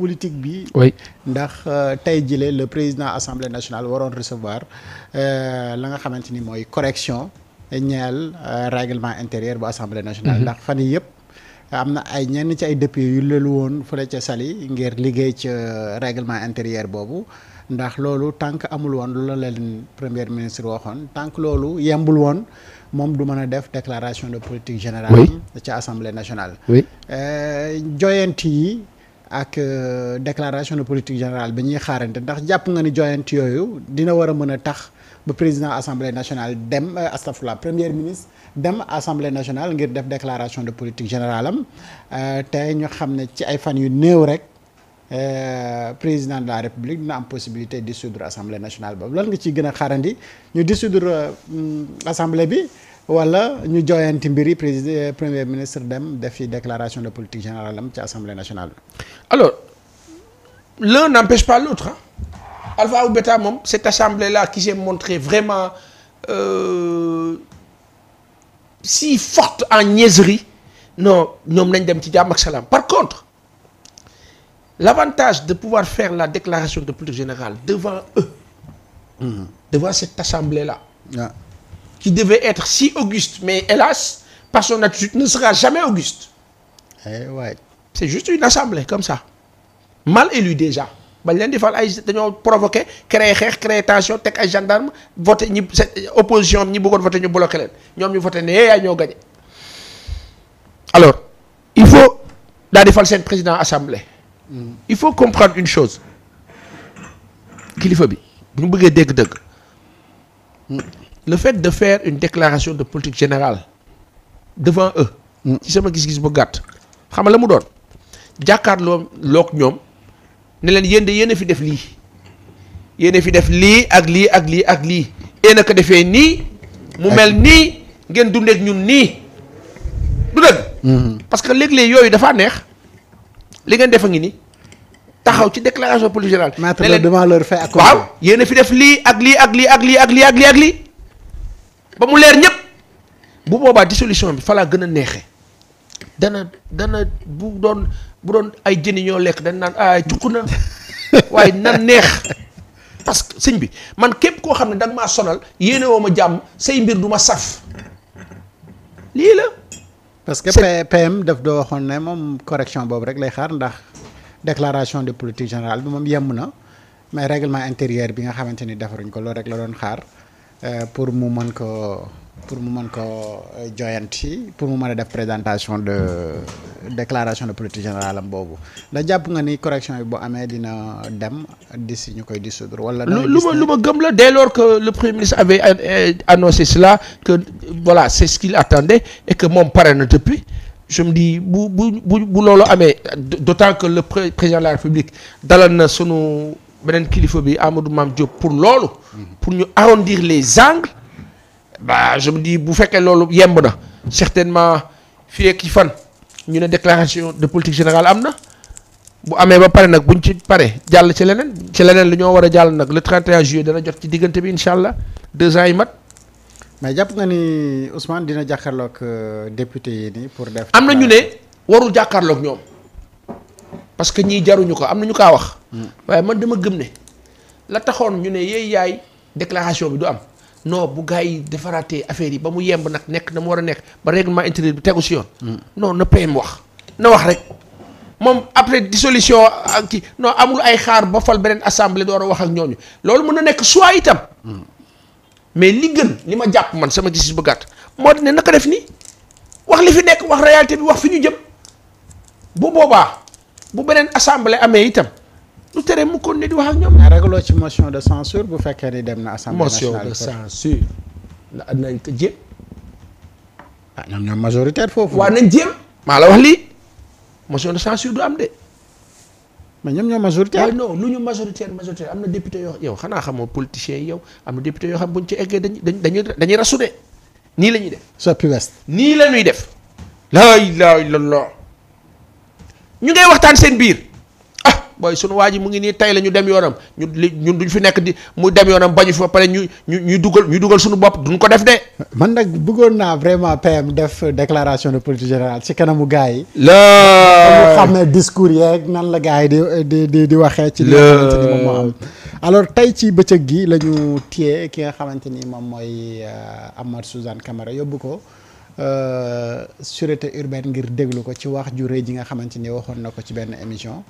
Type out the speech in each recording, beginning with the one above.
politique bi. oui ndax euh, tey jile le président assemblée nationale waroon recevoir euh, la nga xamante ni mooy correction ñeel euh, règlement intérieur bu assemblée nationale. Mm-hmm. ndax fan yii yëpp am na ay ñenn ci ay députés yu lelu woon fële ca Saly ngir liggéey ca règlement intérieur boobu. ndax loolu tànk amul woon lu la leen premier ministre waxoon tant loolu yembul woon moom du mën a def déclaration de politique générale. ci assemblée nationale. oui yi. ak euh, déclaration de politique générale bi ñuy xaarante ndax jàpp nga ni joyante yooyu dina war a mën a tax ba président assemblée nationale dem euh, astafurlah première ministre dem assemblée nationale ngir def déclaration de politique générale am euh, te ñu xam ne ci ay fan yu néew rek président de la république dina am possibilité dissoudre assemblée nationale boobu lan nga ciy gën a xaarandi ñu dissoudre mm, assemblée bi. wala ñu jooyanti mbiri président euh, premier ministre dem def fi déclaration de politique générale am ci assemblée nationale bi. alors l'un n'empêche pas l'autre ah ou bêta moom cette assemblée là qui s'est montrée vraiment euh, si forte en niaiserie non ñoom nañ dem ci jàmm ak salaam par contre. L'avantage de pouvoir faire la déclaration de politique générale devant eux, mmh. devant cette assemblée-là. Ah. qui devait être si auguste mais hélas par son attitude ne sera jamais auguste eh ouais. c'est juste une assemblée comme ça mal élu déjà bañ leen defal ay dañoo provoqué créer xeex créer tension teg ay gendarme voté ñi opposition ñi bëggoon voté ñu bloqué leen ñoom ñu voté ne yaay eh, ñoo gagné alors il faut daal defal seen président assemblée mm. il faut comprendre une chose kilifa bi bu ñu bëggee dégg-dëgg mm. le fait de faire une déclaration de politique générale devant eux mm. ci sama gis-gis bu gàtt xam nga la mu doon jàkkaarloo look ñoom ne leen yéen de yéen a fi def lii yéen fi def lii ak lii ak lii ak lii yéen a defee nii mu mel nii ngeen dundeek ñun nii du dëgg mm-hmm. parce que léeg-léeg yooyu dafa neex li def a ngi nii taxaw ci déclaration politique générale ne leen devant leur a lii ak lii ak lii ak lii ak lii ak lii ak lii ba mu leer ñëpp bu boobaa di solution bi fa laa gën a neexee dana dana bu doon bu doon ay jëni ñoo lekk dañ naan ay cuq na waaye nan neex parce que sëñ bi man képp koo xam ne danga maa sonal yéene woo ma jàmm say mbir du ma saf lii la. parce que PM daf doo waxoon ne moom correction boobu rek lay xaar ndax déclaration de politique générale bi moom yem na mais règlement intérieur bi nga xamante ni defaruñ ko loolu rek la doon xaar. Euh, pour mu mën ko pour mu mën ko euh, joyanti pour mu mën a def présentation de déclaration de politique générale boobu ndax jàpp nga ni correction yi bu amee dina dem disi ñu koy dissoudre wala lu ma gëm la dès lors que le premier ministre avait euh, annoncé cela que voilà c'est ce qu'il attendait et que moom pare na depuis je me dis bu bu loolu amee d'autant que le président de la République dalal na sunu beneen kilifa bi Amadou Mame Diop pour loolu. pour ñu arrondir les angles. ba je me bu fekkee loolu yemb na certainement fii ak fan ñu ne déclaration de politique générale am na bu amee ba pare nag bu ñu ci pare jàll ci leneen ci leneen lu ñoo war a jàll nag le 31 juillet dana jot ci diggante bi incha allah deux ans yi mat. mais jàpp nga ni Ousmane dina jàkkaarloog euh, député yi nii pour def. am na ñu ne warul jàkkarlook ñoom parce que ñii jaruñu ko am na ñu kaa wax. waaye man dama gëm ne la taxoon ñu ne yeey yaay déclaration bi du am non bu gars yi defaraatee affaire yi ba mu yemb nag nekk na mu war a nekk ba règlement intérieur bi tegu si yoon. Mm. non na PM wax na wax rek. moom après dissolution ak ci non amul ay xaar ba fal beneen assemblée door a wax ak ñooñu loolu mën na nekk soit itam. Mm. mais li gën li ma jàpp man sama gis bu gàtt moo di ne naka def nii wax li fi nekk wax réalité bi wax fi ñu jëm bu boobaa bu beneen assemblée amee itam lu tere mu kon ne di wax ak ñoom. mais ragaloo ci motion de censure bu fekkee ni dem na. assemblée nationale motion de censure. nañ ko jéem. ah ñoom ñoom majoritaire foofu. waaw nañ jéem maa la wax lii motion de censure du am de. mais ñoom ñoo majoritaire waaye lu ñu majoritaire majoritaire am na député yoo yow xanaa xamoo politiciens yi yow am na député yoo xam buñ ci eggee dañuy dañuy dañuy rasu de nii la ñuy def. soppi west nii la ñuy def. la ilaha illallah ñu ngay waxtaan seen biir. booy suñu waa ji mu ngi nii tey la ñu dem yoonam ñu li ñun duñ fi nekk di mu dem yoonam bañu fi ba pare ñu ñu ñuy dugal ñuy dugal suñu bopp duñ ko def de. man nag buggoon naa vraiment PM def déclaration de politique générale ci kanamu gars yi. la xam ne discours yeeg nan la gars yi di di di waxee. ci li moom alors tey ci bëccëg gi la ñu ki nga xamante ni moom mooy euh, Amath Suzanne Camara yóbbu ko. Euh, sûreté urbaine ngir déglu ko ci wax ju ji nga xamante ni waxoon na ko ci benn émission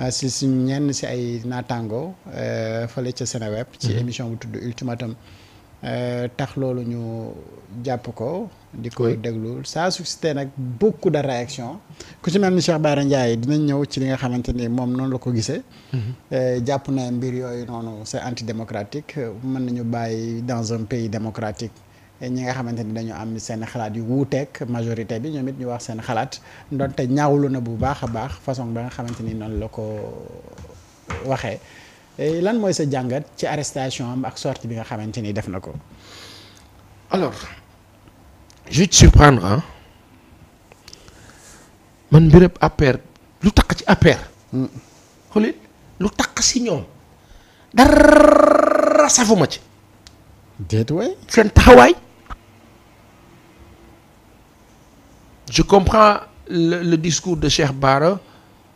Ah, si suñ ñenn si ay naataango euh, fële ca Seneweb. ci mhm. émission bu tudd ultimatum euh, tax loolu ñu jàpp ko. di ko déglu saa su cité nag beaucoup de réaction ku ci mel ni Cheikh Bara Ndiaye dinañ ñëw ci li nga xamante ni moom noonu la ko gisee. Mhm. Euh, jàpp na mbir yooyu noonu c'est antidémocratique mën nañu bàyyi dans un pays démocratique. ñi nga xamante ni dañu am seen xalaat yu wuuteek majorité bi ñoom it ñu wax seen xalaat ndonte ñaawlu na bu baax a baax façon ba nga xamante ni noonu la ko waxee eh, lan mooy sa jàngat ci arrestation am ak sortie bi nga xamante ni def na ko. alors je te surprendre man mbirab APR lu takk ci APR. Hmm. xool lu takk si ñoom dara ci. déet je comprends le, le discours de Cheikh Bara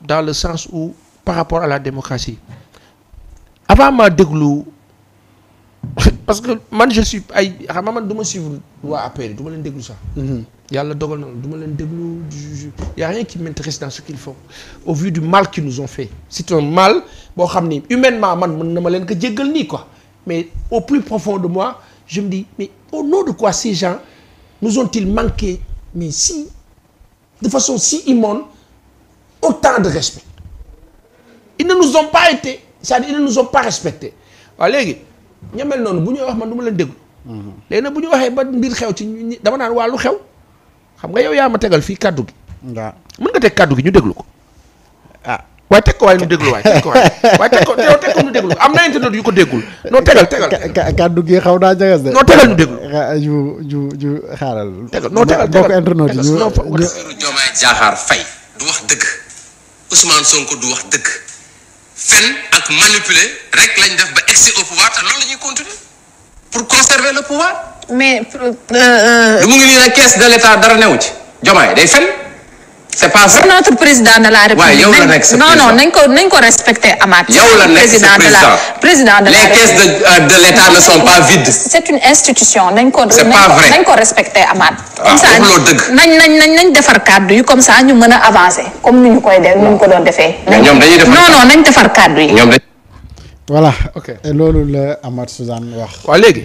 dans le sens où par rapport à la démocratie avant ma déglu parce que man je suis ay xam nga man du ma suivre waa APR du ma leen déglu sax. Mhm. yàlla dogal na du ma leen déglu y a rien qui m'intéresse dans ce qu'ils font au vu du mal qu'ils nous ont fait c'est un mal boo xam ni humainement man mën na ma leen ko jéggal nii quoi mais au plus profond de moi je me dis mais au nom de quoi ces gens nous ont-ils manqué de façon si immonde autant de respect ils ne nous ont pas été c'est-à-dire ils ne nous ont pas respecté waaw léegi ñamel noonu bu ñuy wax man du ma leen déglu mm-hmm. léegi nag bu ñu waxee ba mbir xew ci ñu dama naan waa lu xew xam nga yow yaa ma tegal fii kàddu gi waaw mën nga teg kàddu gi ñu déglu ko ah waaye teg ko waaye nu déglu waaye teg ko waaye waaye teg ko nu déglu am na internet yu ko déggul noo tegal tegal kàddu gi xaw naa jagas de noo tegal nu déglu ju ju ju xaaral tegal noo tegal bokk internet yi Bassirou du wax dëgg fen ak manipuler rek lañ def ba egsi au pouvoir te loolu la continuer pour conserver le pouvoir mais euh, euh, lu mu ngi nii nag caisse de l'état dara newu ci Diomaye day fen c' est pas ça notre président de la république. yow la nekk non non nañ ko nañ ko respecté Amath. yow la nekk président de la président de la les caisses de euh, de l' état ne sont pas vides. c' est une institution nañ ko. c' est pas vrai nañ ko respecté Amath. Ah, comme ça nañ nañ nañ defar kàddu yi comme ça ñu mën a avancer comme ni ñu koy def ni ñu ko doon defee. ñoom dañuy defar non non nañ defar kàddu yi. voilà. ok loolu la Amath Suzane wax. waaw léegi.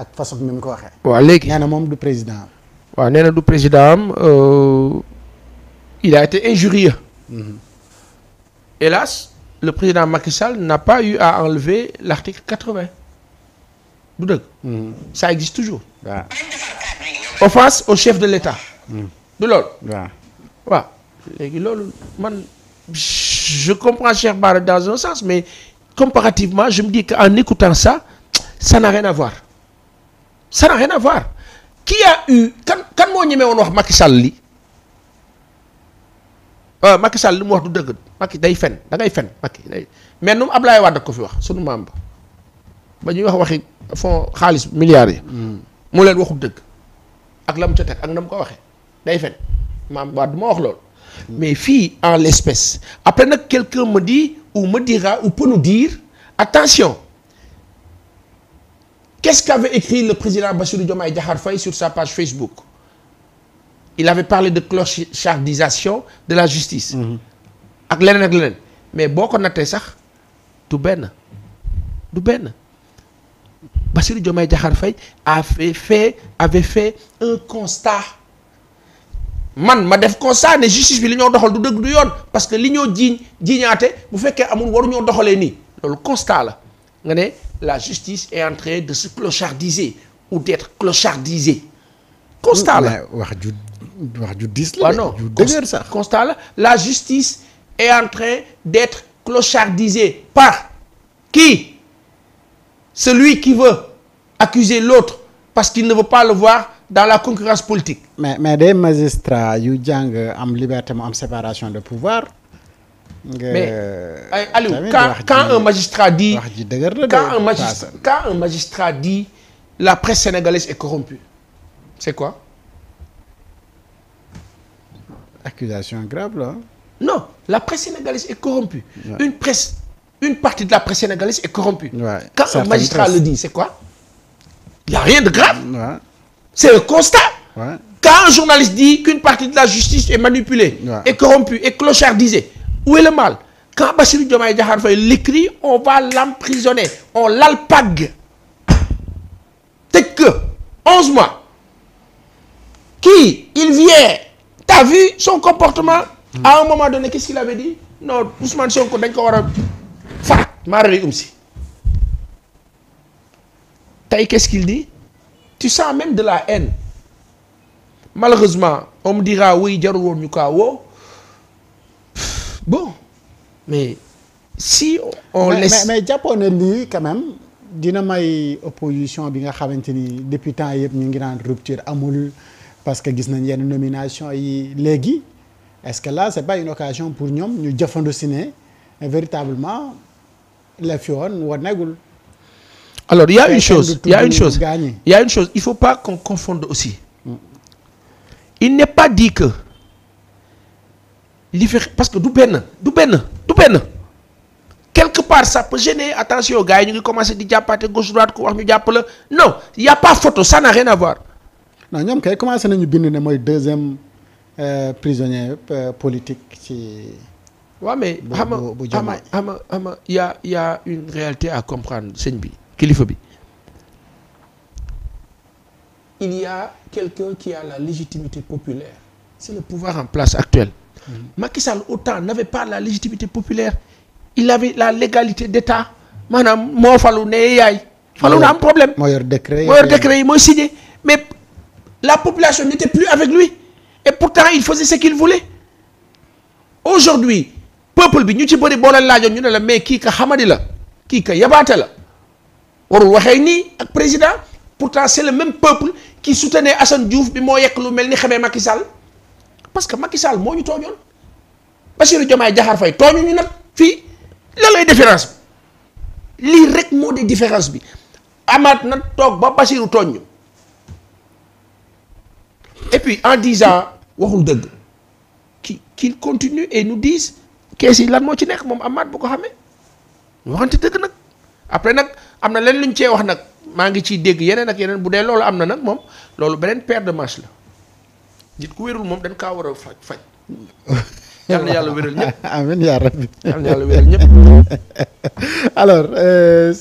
ak façon bi mu ko waxee. waaw léegi nee na moom du président. waaw nee na du président am. Euh, il a été injurieux. Mm-hmm. Hélas, le président Macky Sall n'a pas eu à enlever l'article 80. du mm-hmm. ça existe toujours. waaw. offense au chef de l'État. Mm-hmm. du loolu. waaw waaw léegi je comprends Cheikh dans un sens mais comparativement je me dis qu'en écoutant ça ça n'a rien à voir qui a eu kan kan moo ñemee woon wax Sall li Macky Sall li mu wax du dëgg Macky day fen da fen Macky day mais nu mu Ablaye Wade ko fi wax sunu maam ba ba ñuy wax waxi fond xaalis milliards yi. Hmm. mu leen waxul dëgg. ak lam ca teg ak na mu ko waxee day fen maam Wade du ma wax lool hmm. mais fii en l'espèce après nag quelqu'un me dit ou me dira ou peut nous dire attention qu'est-ce qu'avait écrit le président Bassirou Diomaye Diakhar Faye sur sa page Facebook il avait parlé de clochardisation de la justice. Mhm. ak leneen ak leneen mais boo ko nattee sax du benn du benn. Bassirou Diomaye Diakhar Faye fay fait fait avait fait un constat man ma def constat ne justice bi li ñoo doxal du dëgg du yoon parce que li ñoo jiiñ jiiñaate bu fekkee amul waru ñoo doxalee nii loolu constat la nga ne la justice est en train de se clochardiser ou d'être clochardisée constat la wax ju ju diis la. non ju la la justice est en train d'être clochardisée par qui celui qui veut accuser l'autre parce qu'il ne veut pas le voir dans la concurrence politique. mais mais des magistrats yu jàng am liberté mu am séparation de pouvoir. nga quand un magistrat dit. la quand un presse sénégalaise est corrompue. c'est quoi. accusation grave là. non la presse sénégalaise est corrompue. une partie de la presse sénégalaise est corrompue. quand un magistrat presse. le dit c'est quoi. il y a rien de grave. c'est un constat. quand un journaliste dit qu'une partie de la justice est manipulée. est corrompue est clochardisée. où est le mal. quand Bassirou Diomaye Diakhar Faye l'écrit on va l'emprisonner on l'alpague. tëj que 11 mois. kii il vient t'as vu son comportement. à un moment donné qu'est-ce qu'il avait dit non Ousmane Sonko dañ ko war a faat maarali um si tey qu'est-ce qu'il dit tu sens même de la haine malheureusement on me dira oui jarul woon ñu kaa bon mais si on mais, mais jàppoon ne lii quand dina may opposition bi nga xamante ni depuis temps yëpp ñu ngi naan rupture amul parce que gis nañ yenn nomination yi léegi est-ce que là c'est pas une occasion pour ñoom ñu jëfandu si ne véritablement la fi woon war nagul alors il y a une chose y a une chose y a une chose il faut pas qu'on confonde aussi mm. il n'est pas dit que li fi parce que du benn du du benn quelque part ça peut gêner attention gars yi ñu ngi di jàppaate gauche droite ku ñu jàpp non y a pas photo ça n'a rien à non ñoom kay commencé nañu bind ne mooy deuxième euh, prisonnier euh, politique ci. waaw mais xam nga ama ama ama a y a une réalité à comprendre sëñ bi kilifa bi il y a qui a la légitimité populaire c'est le pouvoir en place actuel mmh. Macky Sall autant pas la légitimité populaire il avait la légalité d'État maanaam moo falu ne yaay falu na am problème moo yor décret yi moo signé La population n'était plus avec lui. Et pourtant, il faisait ce qu'il voulait. Aujourd'hui, peuple bi ñu ci bëri boo laajoon ñu ne la mais kii ka xamadi la kii ka yabaate la warul waxee nii ak président pourtant c'est le même peuple kii soutenait Assane Diouf bi moo yekk lu mel ni xamee Macky Sall parce que Macky Sall moo ñu tooñoon Bassirou Diomaye Diakhar Faye tooñu ñu nag fii lay différence bi lii rek moo di différence bi amaat na toog ba Bassirou tooñ et puis en disant waxul dëgg ki qu'il continue et nous dise kees yi lan moo ci nekk moom am amaat bu ko xamee ñu waxante dëgg nag après nag am na leen luñ cee wax nag maa ngi ciy dégg yeneen ak yeneen bu dee loolu am na nag moom loolu beneen paire de manches la nit ku wérul moom dañ kaa war a faj faj yal yàlla wéral ñëpp amiin yaa rabbi yal na yàlla wéral ñëpp alors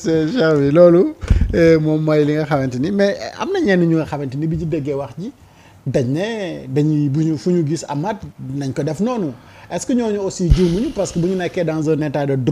Cheikh bi loolu euh, moom mooy li nga xamante ni mais am na ñenn ñu nga xamante ni bi ci déggee wax ji dañ ne dañuy bu ñu fu ñu gis Amath nañ ko def noonu est-ce que ñooñu aussi juumuñu parce que bu ñu nekkee dans un état de